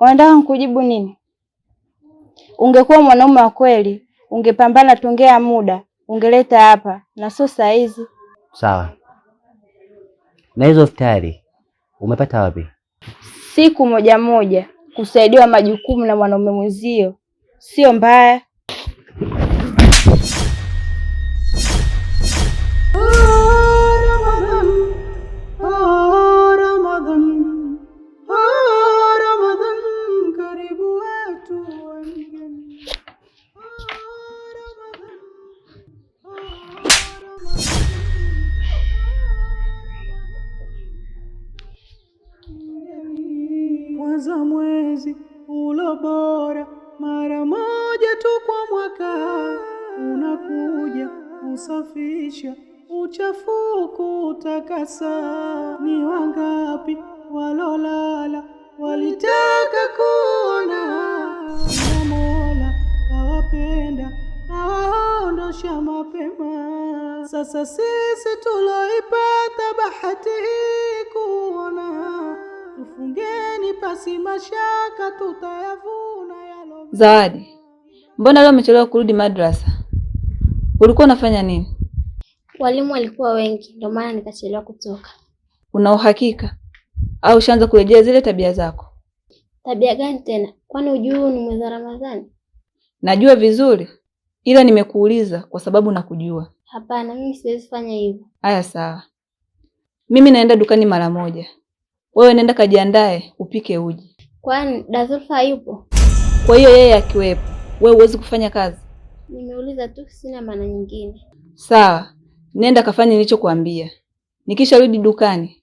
Unataka nikujibu nini? Ungekuwa mwanaume wa kweli, ungepambana, tungea muda, ungeleta hapa na sio saa hizi. Sawa. Na hizo elfu umepata wapi? Siku moja moja kusaidiwa majukumu na mwanaume mwenzio sio mbaya. wapi walolala, walitaka kuona Mola awapenda awaondosha mapema. Sasa sisi tuloipata bahati hii kuona, tufungeni pasi mashaka, tutayavuna yalo. Zawadi, mbona leo umechelewa kurudi madrasa? Ulikuwa unafanya nini? Walimu walikuwa wengi, ndio maana nikachelewa kutoka. Una uhakika? au ushaanza kurejea zile tabia zako? Tabia gani tena? Kwani ujuu ni mwezi wa Ramadhani? Najua vizuri, ila nimekuuliza kwa sababu nakujua. Hapana, mimi siwezi fanya hivyo. Haya, sawa, mimi naenda dukani mara moja, wewe nenda kajiandae upike uji. Kwani Dazulfa yupo? Kwa hiyo yeye akiwepo, wewe huwezi kufanya kazi? Nimeuliza tu, sina maana nyingine. Sawa, nenda kafanye nilichokuambia. Nikisharudi dukani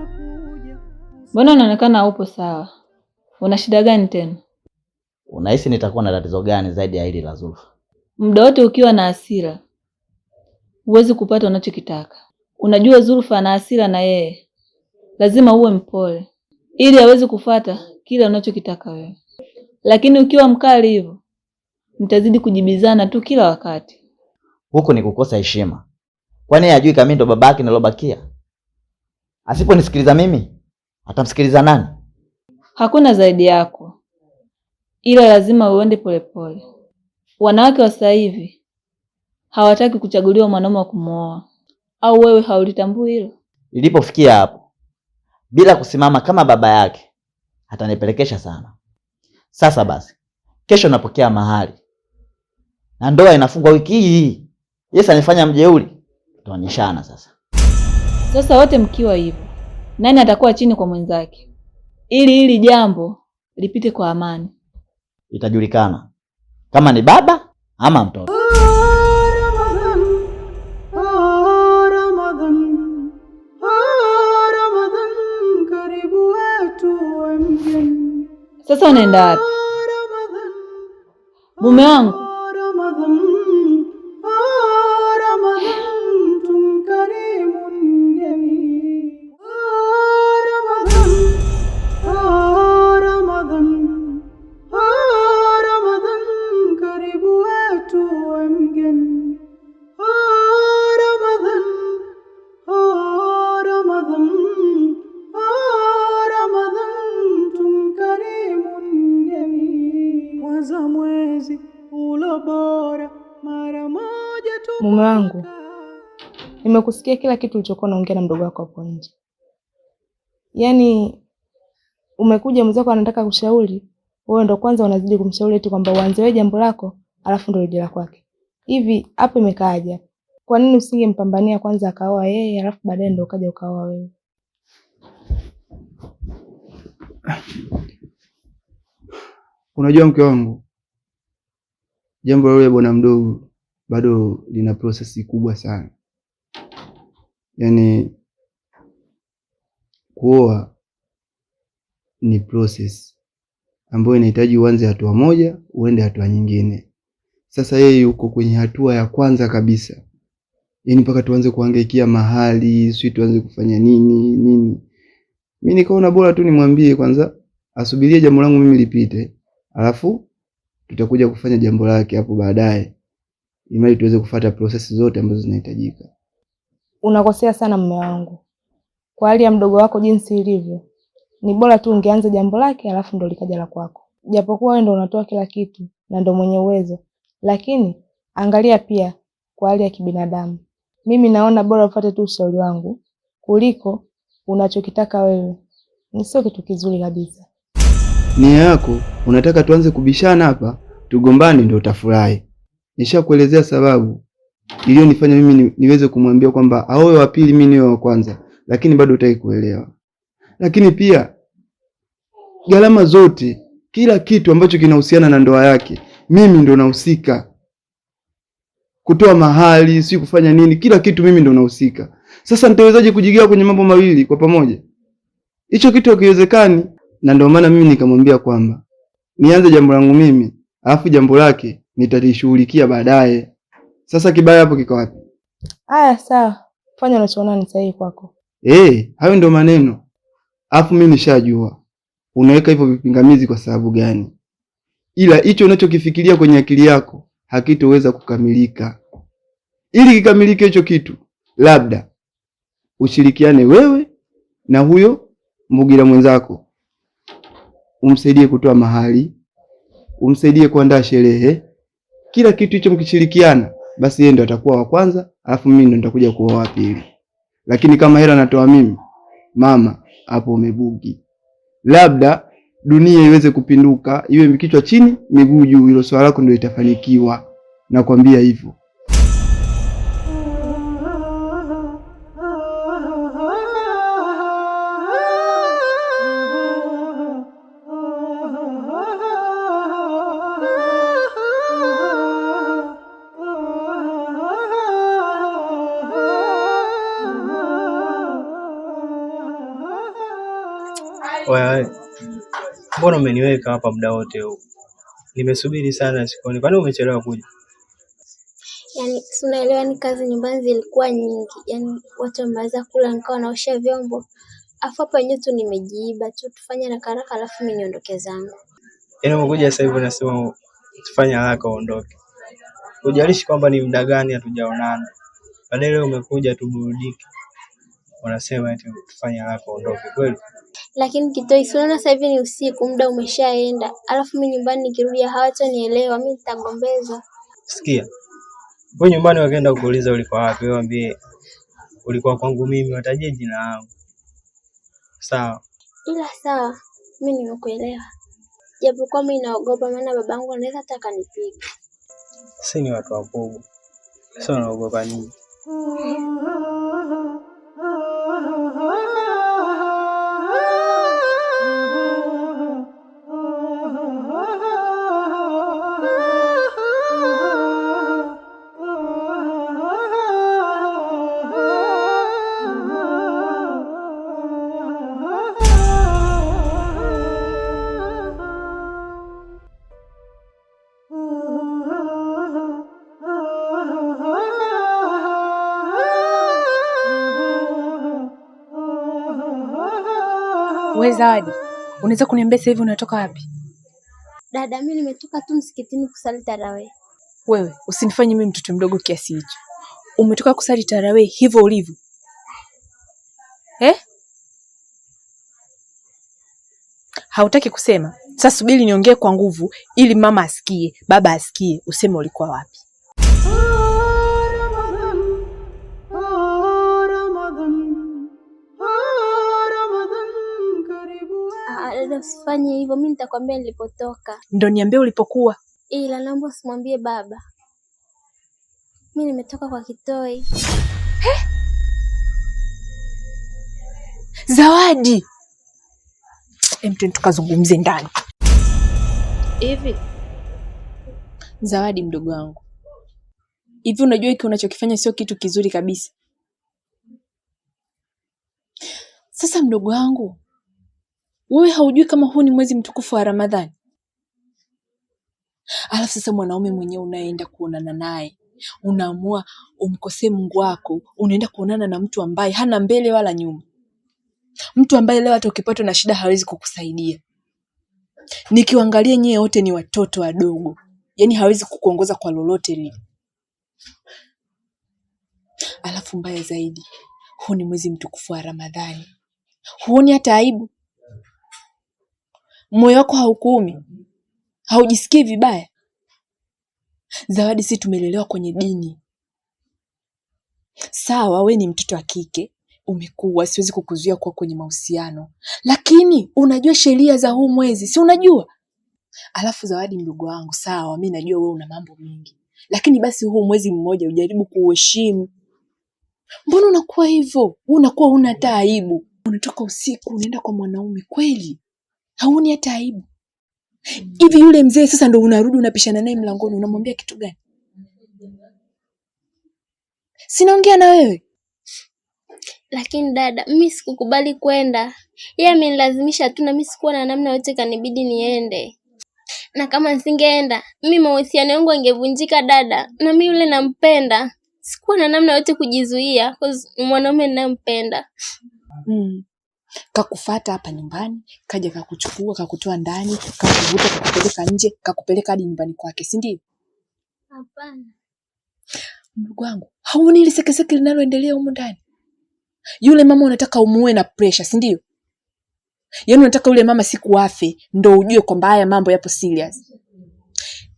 Mbona unaonekana upo sawa? Una shida gani tena? Unahisi nitakuwa na tatizo gani zaidi ya hili la Zulfa? Muda wote ukiwa na hasira huwezi kupata unachokitaka. Unajua Zulfa ana hasira na yeye, lazima uwe mpole ili aweze kufata kile unachokitaka wewe, lakini ukiwa mkali hivyo mtazidi kujibizana tu kila wakati. Huku ni kukosa heshima, kwani hajui kama ndo babake nalobakia. Asiponisikiliza mimi atamsikiliza nani? Hakuna zaidi yako, ila lazima uende polepole. Wanawake wa sasa hivi hawataki kuchaguliwa mwanaume wa kumwoa, au wewe haulitambui hilo? Ilipofikia hapo, bila kusimama kama baba yake, atanipelekesha sana. Sasa basi, kesho napokea mahali na ndoa inafungwa wiki hii. Yesu anifanya mjeuri, tutaonyeshana sasa. Sasa wote mkiwa hivyo nani atakuwa chini kwa mwenzake, ili hili jambo lipite kwa amani. Itajulikana kama ni baba ama mtoto. Sasa unaenda wapi? Mume wangu Mume wangu, nimekusikia kila kitu ulichokuwa unaongea na mdogo wako hapo nje. Yaani umekuja wako anataka kushauri, wewe ndo kwanza unazidi kumshauri eti kwamba uanze wewe jambo lako, alafu ndo rejea kwake. Hivi hapo imekaaje? Kwa nini usingempambania kwanza akaoa yeye, alafu baadaye ndo ukaja ukaoa wewe? Unajua mke wangu jambo la yule bwana mdogo bado lina prosesi kubwa sana. Yaani kuoa ni process ambayo inahitaji uanze hatua moja uende hatua nyingine. Sasa yeye yuko kwenye hatua ya kwanza kabisa, yaani mpaka tuanze kuhangaikia mahali, si tuanze kufanya nini nini. Mimi nikaona bora tu nimwambie kwanza asubirie jambo langu mimi lipite, alafu tutakuja kufanya jambo lake hapo baadaye, ili tuweze kufuata prosesi zote ambazo zinahitajika. Unakosea sana mme wangu, kwa hali ya mdogo wako jinsi ilivyo, ni bora tu ungeanza jambo lake, alafu ndo likaja la kwako. Japokuwa wewe ndo unatoa kila kitu na ndo mwenye uwezo, lakini angalia pia kwa hali ya kibinadamu. Mimi naona bora ufate tu ushauri wangu kuliko unachokitaka wewe, ni sio kitu kizuri kabisa. Nia yako unataka tuanze kubishana hapa? tugombane ndio utafurahi. Nishakuelezea sababu iliyonifanya mimi niweze kumwambia kwamba aowe wa pili, mimi niwe wa kwanza, lakini bado utaki kuelewa. Lakini pia gharama zote, kila kitu ambacho kinahusiana na ndoa yake, mimi ndo nahusika kutoa mahali, si kufanya nini, kila kitu mimi ndo nahusika. Sasa nitawezaje kujigawa kwenye mambo mawili kwa pamoja? Hicho kitu hakiwezekani, na ndio maana mimi nikamwambia kwamba nianze jambo langu mimi alafu jambo lake nitalishughulikia baadaye. Sasa kibaya hapo kiko wapi? Aya, sawa, fanya unachoona ni sahihi kwako. Eh, hayo ndio maneno. Alafu mimi nishajua unaweka hivyo vipingamizi kwa sababu gani, ila hicho unachokifikiria kwenye akili yako hakitoweza kukamilika. Ili kikamilike hicho kitu, labda ushirikiane wewe na huyo Mugira mwenzako, umsaidie kutoa mahali umsaidie kuandaa sherehe, kila kitu hicho mkishirikiana, basi yeye ndo atakuwa wa kwanza, alafu mimi ndo nitakuja kuwa wa pili. Lakini kama hela natoa mimi, mama, hapo umebugi. Labda dunia iweze kupinduka, iwe mikichwa chini miguu juu, hilo swala lako ndio itafanikiwa. Nakwambia hivyo. Mbona umeniweka hapa muda wote huu? Nimesubiri sana sikuoni. Kwani umechelewa kuja? Yaani si unaelewa, ni yaani kazi nyumbani zilikuwa nyingi, yaani watu wameanza kula, nikawa naosha vyombo, afu hapa wenyewe tu nimejiiba tu, tufanye na haraka, alafu mimi niondoke zangu. Yaani umekuja sasa hivi unasema tufanye haraka uondoke, ujalishi kwamba ni muda gani hatujaonana. Baadaye leo umekuja tuburudike, unasema eti tufanye haraka uondoke, kweli? lakini unaona sasa hivi ni usiku, muda umeshaenda, alafu mi nyumbani nikirudi hawatanielewa, mi nitagombezwa. Sikia wewe, nyumbani wakaenda kukuuliza ulikuwa wapi, wewe waambie ulikuwa kwangu mimi, watajie jina langu sawa? Ila sawa, mi nimekuelewa, japokuwa mi naogopa, maana babangu anaweza hata akanipiga. Si ni watu wakubwa, sio naogopa nini? Zawadi, unaweza kuniambia sasa hivi unatoka wapi? Dada, mimi nimetoka tu msikitini kusali tarawih. Wewe usinifanye mimi mtoto mdogo kiasi hicho. Umetoka kusali tarawih hivyo ulivyo eh? Hautaki kusema? Sasa subiri niongee kwa nguvu, ili mama asikie, baba asikie, useme ulikuwa wapi. Brother, usifanye hivyo, mimi nitakwambia nilipotoka. Ndo niambie ulipokuwa, ila naomba usimwambie baba, mimi nimetoka kwa Kitoi. Zawadi, emteni tukazungumze ndani hivi. Zawadi mdogo wangu, hivi unajua hiki unachokifanya sio kitu kizuri kabisa. Sasa mdogo wangu, wewe haujui kama huu ni mwezi mtukufu wa Ramadhani? Alafu sasa mwanaume mwenyewe unaenda kuonana naye unaamua umkosee Mungu wako, unaenda kuonana na mtu ambaye hana mbele wala nyuma, mtu ambaye leo hata ukipatwa na shida hawezi kukusaidia. Nikiwaangalia nyie wote ni watoto wadogo, yaani hawezi kukuongoza kwa lolote lile. Alafu mbaya zaidi, huu ni mwezi mtukufu wa Ramadhani, huoni hata aibu? moyo wako haukuumi? Haujisikii vibaya? Zawadi, si tumelelewa kwenye dini sawa? We ni mtoto wa kike, umekuwa, siwezi kukuzuia kuwa kwenye mahusiano, lakini unajua sheria za huu mwezi, si unajua? Alafu Zawadi, mdogo wangu, sawa, mi najua wewe una mambo mengi, lakini basi huu mwezi mmoja ujaribu kuuheshimu. Mbona unakuwa hivyo? Unakuwa una hata aibu, unatoka usiku unaenda kwa mwanaume kweli? hauni hata aibu mm. hivi. Yule mzee sasa ndo unarudi unapishana naye mlangoni, unamwambia kitu gani? Sinaongea na wewe lakini dada, mimi sikukubali kwenda, yeye amenilazimisha tu, na mimi sikuwa na namna yote, kanibidi niende. Na kama nisingeenda mimi mahusiano yangu angevunjika dada, na mimi yule nampenda, sikuwa na namna yote kujizuia, cause mwanaume ninayempenda. Mm. Kakufata hapa nyumbani, kaja kakuchukua, kakutoa ndani, kakuvuta, kakupeleka nje, kakupeleka hadi nyumbani kwake, si ndio? Hapana. Ndugu wangu, hauoni ile sekeseke linaloendelea humu ndani? Yule mama unataka umuue na pressure, si ndio? Yaani unataka yule mama siku afe ndo ujue kwamba haya mambo yapo serious.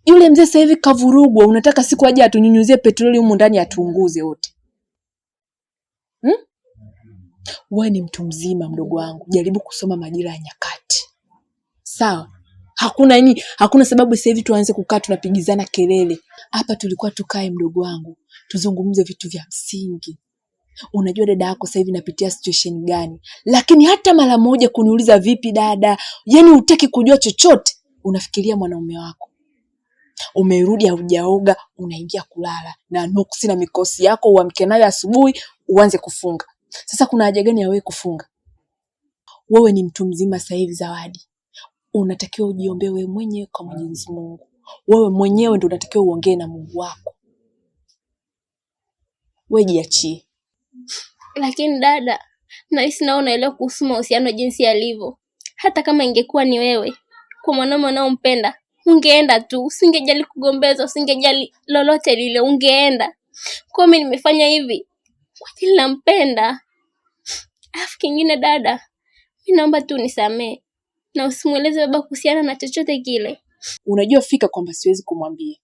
Yule mzee sasa hivi kavurugwa, unataka siku aje atunyunyuzie petroli humu ndani atuunguze wote wewe ni mtu mzima mdogo wangu, jaribu kusoma majira ya nyakati, sawa? Hakuna nini, hakuna sababu sasa hivi tuanze kukaa tunapigizana kelele hapa. Tulikuwa tukae, mdogo wangu, tuzungumze vitu vya msingi. Unajua dada yako sasa hivi napitia situation gani, lakini hata mara moja kuniuliza vipi dada, yani hutaki kujua chochote. Unafikiria mwanaume wako umerudi, haujaoga, unaingia kulala na nuksi na mikosi yako, uamke nayo asubuhi uanze kufunga. Sasa kuna haja gani ya wewe kufunga? Wewe ni mtu mzima sasa hivi Zawadi, unatakiwa ujiombee wewe mwenyewe kwa Mwenyezi Mungu. Wewe mwenyewe ndio unatakiwa uongee na Mungu wako, wewe jiachie. Lakini dada, nahisi nao unaelewa kuhusu mahusiano jinsi yalivyo. Hata kama ingekuwa ni wewe kwa mwanaume unaompenda ungeenda tu, usingejali kugombeza, usingejali lolote lile, ungeenda. Kwa mimi nimefanya hivi kwani nampenda. Alafu kingine dada, mi naomba tu nisamee na usimweleze baba kuhusiana na chochote kile. Unajua fika kwamba siwezi kumwambia,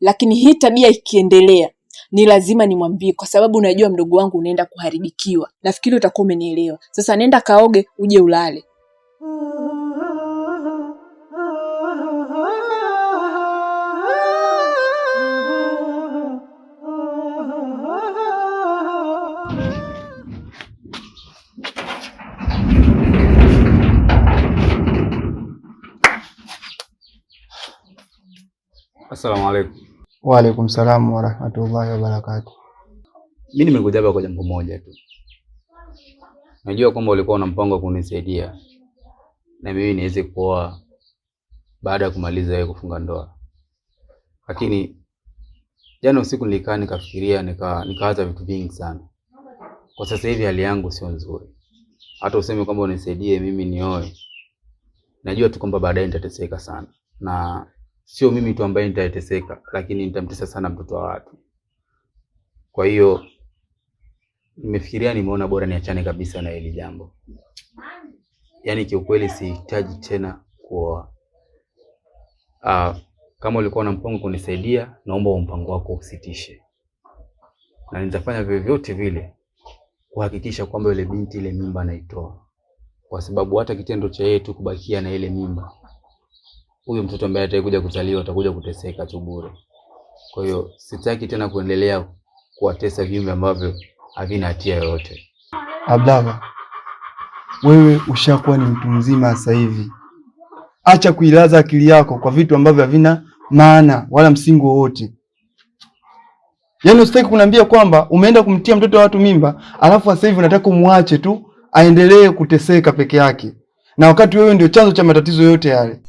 lakini hii tabia ikiendelea ni lazima nimwambie, kwa sababu unajua mdogo wangu unaenda kuharibikiwa. Nafikiri utakuwa umenielewa. Sasa nenda kaoge, uje ulale. Asalamu alaikum. Wa alaikum salamu wa rahmatullahi wa barakatuh. Mimi nimekuja hapa kwa jambo moja tu. Najua kwamba ulikuwa una mpango wa kunisaidia na mimi niweze kuoa baada ya kumaliza wewe kufunga ndoa, lakini jana usiku nilikaa nikafikiria, nika nikawaza vitu vingi sana. Kwa sasa hivi hali yangu sio nzuri, hata useme kwamba unisaidie mimi nioe, najua tu kwamba baadaye nitateseka sana na sio mimi tu ambaye nitateseka, lakini nitamtesa sana mtoto wa watu. Kwa hiyo nimefikiria, nimeona bora niachane kabisa na hili jambo. Yaani kiukweli sihitaji tena kuoa. Uh, kama ulikuwa na mpango kunisaidia, naomba mpango wako usitishe, na nitafanya vyovyote vile kuhakikisha kwamba yule binti ile mimba anaitoa, kwa sababu hata kitendo cha yeye tu kubakia na ile mimba huyo mtoto ambaye atakuja kuzaliwa atakuja kuteseka tu bure. Kwa hiyo sitaki tena kuendelea kuwatesa viumbe ambavyo havina hatia yoyote. Abdalla, wewe ushakuwa ni mtu mzima sasa hivi, acha kuilaza akili yako kwa vitu ambavyo havina maana wala msingi wowote. Yaani usitaki kuniambia kwamba umeenda kumtia mtoto wa watu mimba, alafu sasa hivi unataka umwache tu aendelee kuteseka peke yake, na wakati wewe ndio chanzo cha matatizo yote yale.